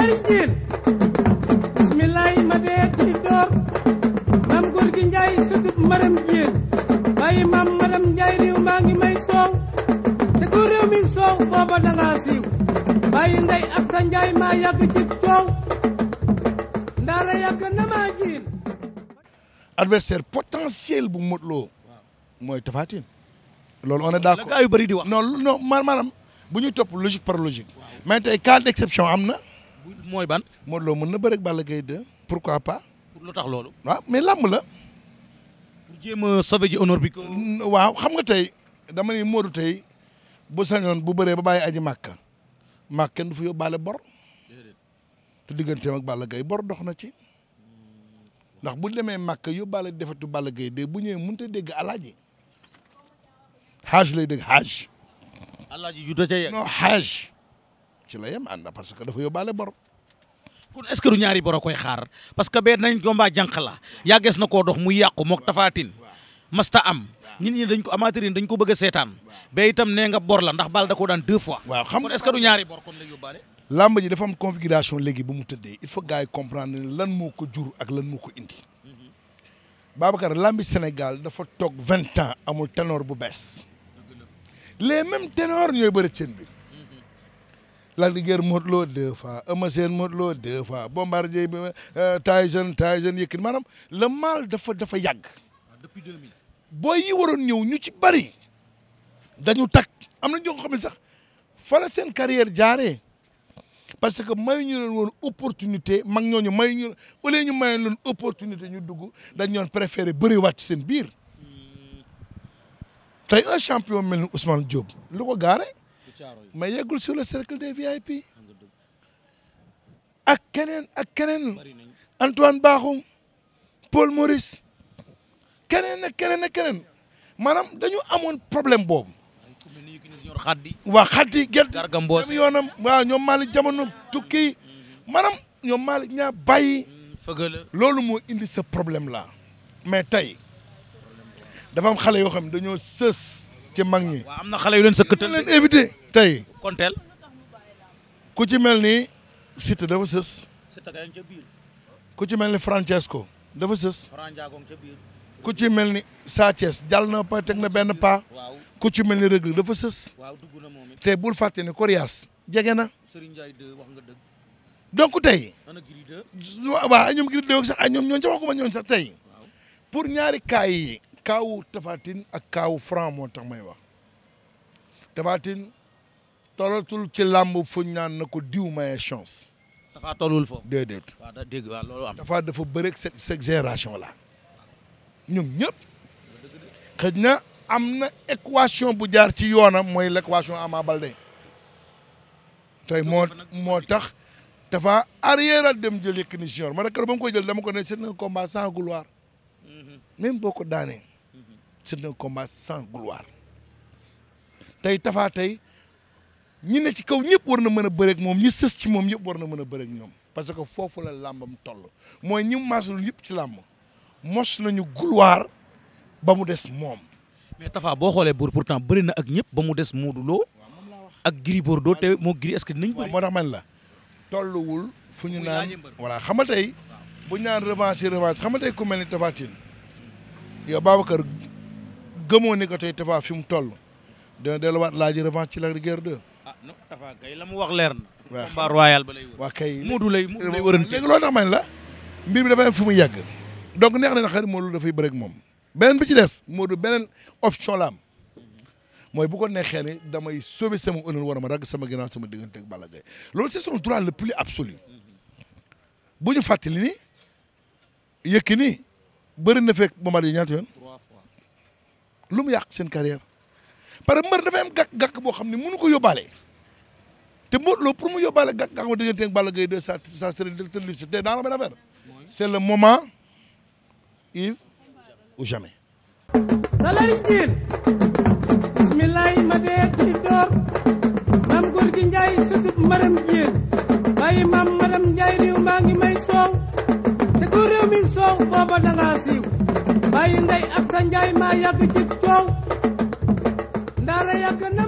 alal jiin bismillaay ma dee ci door maam góor gi njaay sëtub maram jiin bàyyi maam maram njaay réew maa ngi may soow te ko réew mi soow booba danga siiw bàyyi ndey ak sa njaay maa yàgg ci coow ndaara yàgg na maa jiin adversaire potentiel bu Modou Lo mooy Tapha Tine loolu on est d'accord la gars yu di wax non non maanaam bu ñuy topp logique par logique tey cas d'exception am na moo ban. Modou mën na bëre ak Balla Gaye 2 pourquoi pas. pour lu tax loolu. waaw mais làmb la. jéem a sauver bi ko. waaw xam nga tey dama ni Modou tey bu sañoon bu bëree ba bàyyi aji màkka màkk kenn du fa yóbbaale bor. te digganteem ak Balla Gaye bor dox na ci. ndax bu demee màkk yóbbaale defatu Balla Gaye de bu ñëwee mënut a dégg alaaji xaaj lay dégg xaaj. alaaji ju ci la yem ànd parce que dafa yóbbaale bor. kon est-ce que du ñaari bor koy xaar parce que bee nañ combat jànq la yàggees na koo dox muy yàqu mook tafaatin masta am nit ñi dañ ko amateur dañ ko bëgg seetaan bee itam nee nga bor la ndax bal da koo daan deux fois. xam kon est-ce que du ñaari bor kon la yóbbaale. làmb ji dafa am configuration léegi bu mu tëddee il faut gars yi comprendre ne lan moo ko jur ak lan moo ko indi. Babacar làmbi Sénégal dafa toog vingt ans amul ténor bu bees. les mêmes ténors ñooy bëri seen bi Lac de Guiers Modou Lo deux fois Eumeu Sène Modou Lo deux fois Bombardier bi euh, Tyson Tyson Yékini maanaam le mal dafa dafa yàgg. Ah, depuis 2000. booy yi waroon ñëw ñu ci bëri dañu tag am na ñoo xam ne sax fa seen carrière jaaree parce que mayuñu ñu woon opportunité mag ñoo ñu mayuñu au lieu ñu mayoon loon opportunité ñu dugg dañu doon préféré bëri wàcc seen biir hmm. tey un champion mel ni Ousmane Diop lu ko gaaree. ma yeggul sur le cercle des VIP ak keneen ak keneen Antoine Bakhoum Paul Maurice keneen ak keneen ak keneen maanaam dañoo amoon problème boobu. waa xaddi gerte dem yoonam waaw ñoom Malick jamono tukki mm-hmm. maanaam ñoom Malick ñaa bàyyi. Mm, loolu moo indi sa problème la mais tey dafa am xale yoo xam ne dañoo sës. ci mag ñi. waaw am na yu leen sëkkatal leen éviter tay konteel ku ci Cité biir ku ci melni Francesco dafa Kucing melni ci ku ci melni Thiès Kucing na pa tek na ben pa ku ci mel ni Reug Reug dafa momit tay bul faté ni corias jege na donc wa waaw ñoom Gris 2 sax ñom ñoom ci waxuma ñooñu sax tay pour ñaari kay kaw Tafatine ak kaw Franc moo tax may wax Tafatine tollatul ci lamb fu ñu naan ko diw may chance. Tafa tollul foofu déedéet. waaw dégg wa lolu am. dafa dafa bëreeg cette cette génération là ñom ñep xejna amna équation bu jaar ci yona moy l'équation Ama balde tay moo motax dafa arrière dem jël technicien man ma ne keroog koy jël dama ko ne c'est un combat sans gloire mm-hmm. même boo ko daanee c'est un combat sans gloire tey Tapha tey ñi ne ci kaw ñëpp war na mën a bëreeg moom ñi sës ci moom ñëpp war na mën a bëreeg ñoom parce que foofu la làmbam toll mooy ñi maasul yëpp ci làmb mos nañu gloire ba mu des moom. mais Tapha boo xoolee buur pourtant bëri na ak ñëpp ba mu des Modou Lo ak Gris Bordeaux te moo Gris est-ce que dinañ bëri. moo tax man la tolluwul fu ñu naan voilà xam nga tey bu ñaan naan revanche revanche xam nga tey ku mel ni Tapha Tine yow Babacar gëmoo ne ko tey Tapha fi mu toll dina delluwaat laaj revanche ci Lac de Guiers 2. ah non Tapha kay la mu wax leer na. waaw combat royal ba lay wër. waa kay Modou lay Modou loolu tax man la mbir bi dafay am fu muy na xarit Modou dafay bëre ak moom beneen bi ci des Modou beneen option la am mooy bu ko neexee ne damay sauver sama honneur war ma ragg sama ginnaaw sama diggante ak Balla Gaye loolu c'est son droit le plus absolu bu ñu fàttali ni Yékini bëri na fekk Bombardier ñaata yoon. lu mu yàq seen carrière parce que mbër dafa am gàkk-gàkk boo xam ne mënu ko yóbbaale te Modou Lo pour mu yóbbaale gàkk-gàkk ma diggante ak Balla Gaye 2 ça ça serait te te dans la même affaire c'est le moment Yves ou jamais salari jiin bismillahi ma dee ci door maam góor gi Njaay sutub maram jiin bàyyi maam maram Njaay réew maa ngi may soow te ko mi soow booba danga bàyyi ndey ak sa njaay maa yàgg ci coow ndaara yàgg na